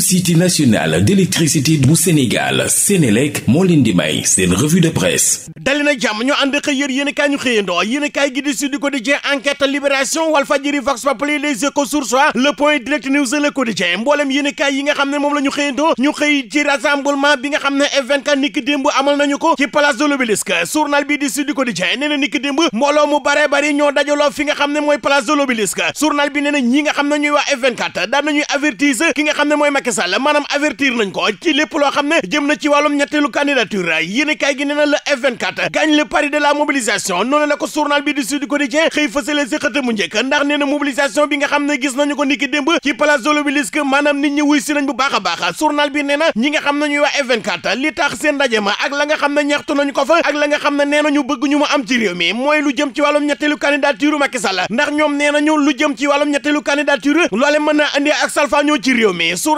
société nationale d'électricité bu Sénégal Sénélec moo leen di may seen revue de presse dali na jàmm ñu ànd xëy yër yéen i kaay ñu xëyandoo yéen i di Sud Quotidien libération Walf Fadjri Vox Populi Les Échos Source le point direct news le quotidien mboolem yéen yi nga xam ne moom la ñu xëyandoo ñu xëy ci bi nga xam ne F24 niki démb amal nañu ko ci place de l'Obélisque journal bi di Sud bi nee ñi nga xam ne Macky Sall maanaam avertir nañ ko ci lépp loo xam ne jëm na ci wàllum ñetteelu candidature yéene kaay gi nee na le F24 gagne le pari de la mobilisation noonu la ko journal bi di Sud Quotidien xëy fësale si xët mu njëkk ndax nee na bi nga xam ne gis nañu ko niki démb ci place de l'Obélisque maanaam nit ñi wuy si nañ bu baax a baax journal bi nee na ñi nga xam ne ñuy waa F24 li tax seen ma ak la nga xam ne ñaxtu nañu ko fa ak la nga xam ne nee na ñu bëgg ñu mu am ci réew mi mooy lu jëm ci wàllum ñetteelu candidature Macky Sall ndax ñoom nee nañu lu jëm ci wàllum ñetteelu candidature loole mën na andi ak salfaañoo ci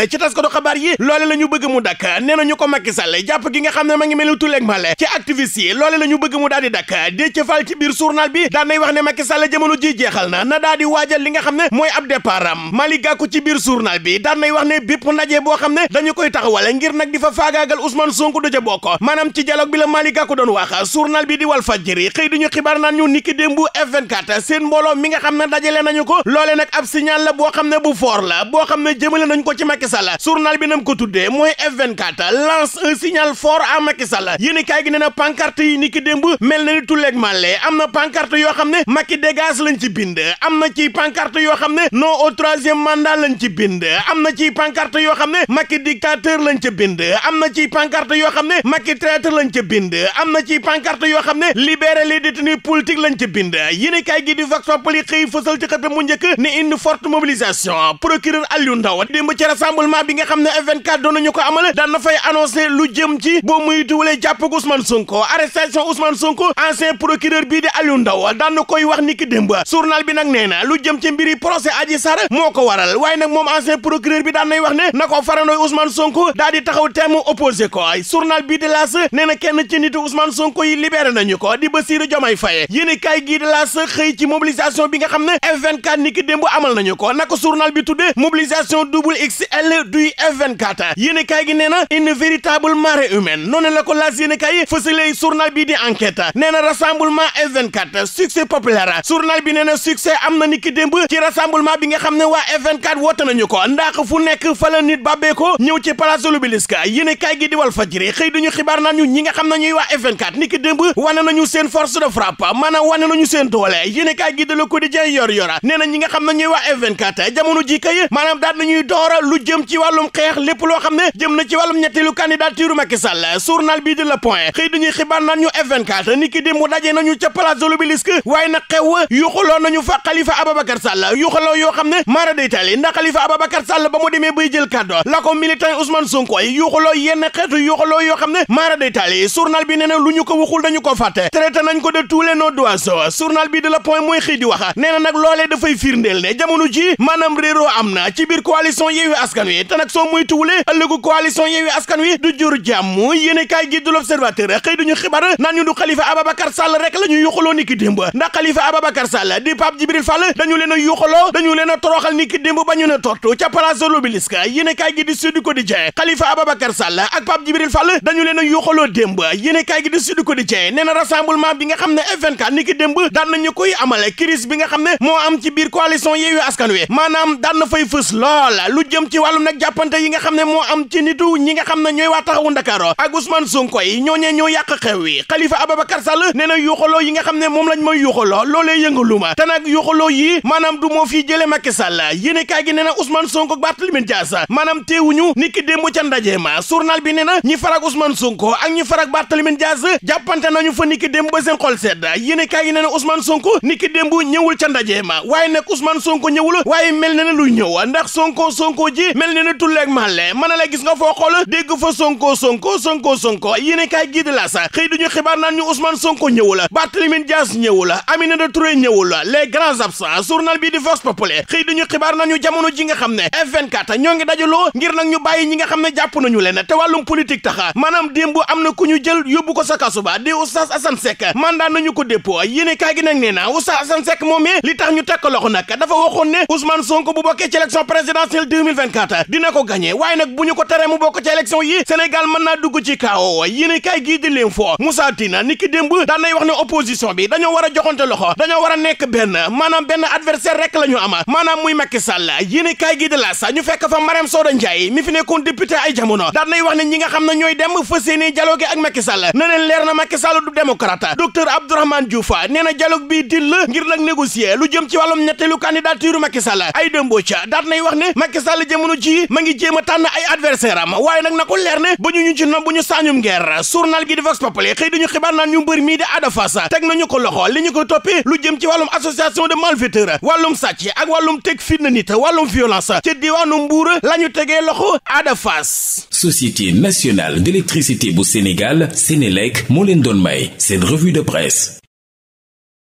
Sall ci tas ko du xabaar yi loole la ñu bëgg mu dakk nee na ñu ko Macky Sall jàpp gi nga xam ne ma ngi mel ni tuleeg male ci activiste yi loole la bëgg mu daal dakk Déthié Fall ci biir journal bi daan nay wax ne Macky Sall jamono ji jeexal na na daal waajal li nga xam ne mooy ab départ am Mali ci biir journal bi daan nay wax ne bépp ndaje boo xam ne dañu koy taxawale ngir nag di fa faagaagal Ousmane Sonko du ca bokk maanaam ci dialogue bi la Mali Gakou doon wax journal bi di Walf Fadjri ko loole nag ab signal la boo xam ne bu fort la boo xam ne Sall journal bi nam ko tuddee mooy F24 lance un signal fort à Macky Sall yéen kaay gi nee na yi ni ki démb mel na ni tulleeg màlle am na pancarte yoo xam ne Macky dégage lañ ci bind am na ci pancarte yoo xam ne non au troisième mandat lañ ci am na ci pancarte yoo xam ne Macky dictateur lañ ca bind am na ci pancarte yoo xam ne Macky traître lañ ca bind am na ci pancarte yoo xam ne libérer les détenus politiques lañ ca bind yéen kaay gi di vox populi mu njëkk ne une forte mobilisation procureur Aliou Ndao démb rassemblement bi nga xam ne F24 doon nañu ko amal daan lu jëm ci bi nag nee na mbiri procès Adji Sarr moo ko waral waaye nag moom ancien procureur bi daan nay wax ne na ko farandooy Ousmane Sonko daal di taxaw temm ko journal bii di laas nee na kenn ci nitu Ousmane Sonko yi libéré nañu ko di ko naka bi tudde mobilisation double XL annuelle du F24 yéene kaay gi nee na une véritable marée humaine noonu la ko laas yéene kaay fësale journal bii di enquête nee na rassemblement F24 succès populaire journal bi nee na succès am na ni ki démb ci rassemblement bi nga xam na waa F24 woote nañu ko ndax fu nekk fa nit bàbbee ñëw ci place de l'Obélisque yéene kaay gi di Walf Fadjri xëy duñu xibaar naan ñu ñi nga xam ne ñuy waa F24 ni ki démb wane nañu seen force de frappe maanaam wane na ñi nga xam ne ñuy jëm ci wàllum xeex lépp loo xam ne jëm na ci wàllum ñetteelu candidature Macky Sall journal bii di la point xëy dañuy xibaar naan ñu f ni ki démb daje nañu ca place de l'Obélisque waaye nag xew yuxaloo nañu fa Khalifa Ababacar Sall yuxaloo yoo xam ne mara day tali ndax Khalifa Ababacar Sall ba mu demee bay jël kàddu la ko militant Ousmane Sonko yuxaloo yenn xeetu loo yoo xam ne mara day tali journal bi nee na lu ñu ko waxul dañu ko fàtte traité nañ ko de tous les noms d'oiseaux journal bii de la point mooy xëy di wax nee na nag dafay firndeel ne jamono ji maanaam réeroo am na ci biir coalition Yewwi Askan wi te nag soo moytuwulee ëllëgu coalition Askan Wi du jur jàmm yéene kaay gi du l'Observateur xëy duñu xibaar naan ñu du Khalifa Ababacar Sall rek la ñu yuxaloo ni ki démb ndax Khalifa Ababacar Sall di Pape Djibril Fall dañu leen a dañu leen toroxal ni ki ba ñu ne tortu ca place de l'Obélisque yéene kaay gi di Sud Quotidien Khalifa Ababacar Sall ak Pape Djibril Fall dañu leen a yuxaloo démb yéene gi di Sud Quotidien nee na rassemblement bi bi nga nag jàppante yi nga xam ne moo am ci nitu ñi nga xam ne ñooy waa taxawu Ndakaaru ak Ousmane Sonko yi ñooñee ñoo yàq xew wi Khalifa Ababacar Sall nee na yuuxaloo yi nga xam ne moom lañ mooy yuuxaloo loolee yëngalu ma te nag yuuxaloo yi maanaam du moo fii jële Macky Sall yéene kaay gi nee na Ousmane Sonko Barthélémy Dias maanaam teewuñu ni ki démb ca ndaje ma journal bi nee na ñi farak Ousmane Sonko ak ñi farak Barthélémy Dias jàppante nañu fa ni ki démb ba seen xol yéene kaay gi nee na Ousmane Sonko ni ki démb ñëwul ca ndaje ma waaye nag Ousmane Sonko ñëwul waaye mel na ne luy ñëw ndax Sonko Sonko ji mel ni na tulleeg màlle mën a la gis nga foo xool dégg fa Sonko Sonko Sonko Sonko yéen kaay gii di la sa xëy duñu xibaar na ñu Ousmane Sonko ñëwu la Barthélémy Dias ñëwu la Aminata Touré ñëwu la les grands absents journal bii di Vox Populi xëy duñu xibaar naan ñu jamono ji nga xam ne F24 ñoo ngi dajaloo ngir nag ñu bàyyi ñi nga xam ne jàpp ñu leen te wàllum politique taxa maanaam démb am na ku ñu jël yóbbu ko sa kasu ba di Oustaz Assane Seck mandat nañu ko dépôt yéen kaay gi nag nee na Oustaz Assane Seck moom li tax ñu teg ko loxo at dina ko gagné waaye nag bu ñu ko teree mu bokk ci élection yi Sénégal mën naa dugg ci kawo yéen a kaay gii di leen foo Moussa Dina ni ki démb daan nay wax ne opposition bi dañoo war a joxante loxo dañoo war a nekk benn maanaam benn adversaire rek la ñu ama maanaam muy Macky Sall yéen a kaay gii di la sa ñu fekk fa Marème Soda Ndiaye mi fi nekkoon député ay jamono daan nay wax ne ñi nga xam ne ñooy dem fas yéene dialogue ak Macky Sall na leen leer na Macky Sall du démocrate docteur Abdourahmane Diouf nee na dialogue bii dil lu jëm ci wàllum ñetteelu candidature Macky Sall ay dëmboo ca daan nay wax ne Macky Sall jamono ji ma ngi jéem a tànn ay adversaire am waaye nag na ko leer ne ba ñu ñu ci nom bu ñu saañum guerre journal gi di Vox Populi xëy dañu xibaar naan ñu mbër mii di Ada Fass teg nañu ko loxo li ñu ko toppee lu jëm ci wàllum association de malfaiteurs wàllum sàcc ak wàllum teg fitna nit wàllum violence ci diwaanu Mbuur la ñu tegee loxo Ada Fass société nationale d'électricité bu Sénégal Sénélec moo leen doon may seen revue de presse